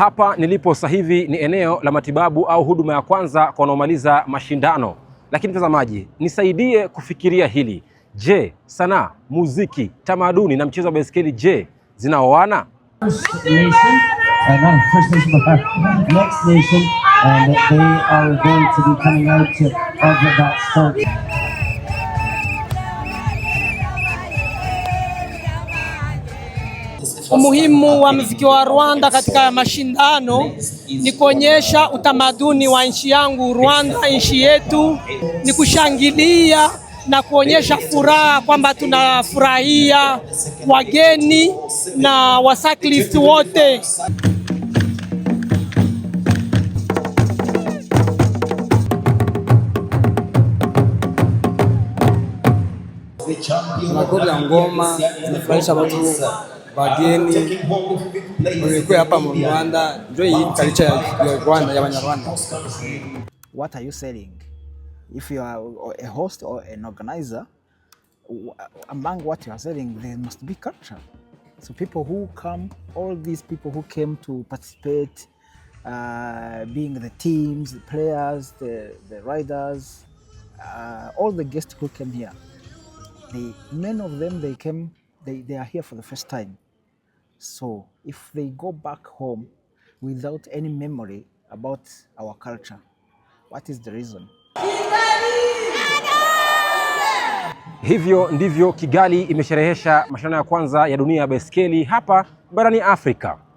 Hapa nilipo sasa hivi ni eneo la matibabu au huduma ya kwanza kwa wanaomaliza mashindano. Lakini mtazamaji, nisaidie kufikiria hili. Je, sanaa, muziki, tamaduni na mchezo wa baiskeli, je, zinaoana? Umuhimu wa mziki wa Rwanda katika mashindano ni kuonyesha utamaduni wa nchi yangu Rwanda, nchi yetu, ni kushangilia na kuonyesha furaha kwamba tunafurahia wageni na wasaklist wote. Makundi ya ngoma inafurahisha watu bageni mlikuwa hapa mu Rwanda, ndio hii culture ya Rwanda ya Banyarwanda. What are you selling? If you are a host or an organizer, among what you are selling, there must be culture. So people who come, all these people who came to participate, uh, being the teams, the players, the, the riders, uh, all the guests who came here, the many of them, they came they, they are here for the first time. So if they go back home without any memory about our culture, what is the reason? Hivyo ndivyo Kigali imesherehesha mashindano ya kwanza ya dunia ya baiskeli hapa barani Afrika.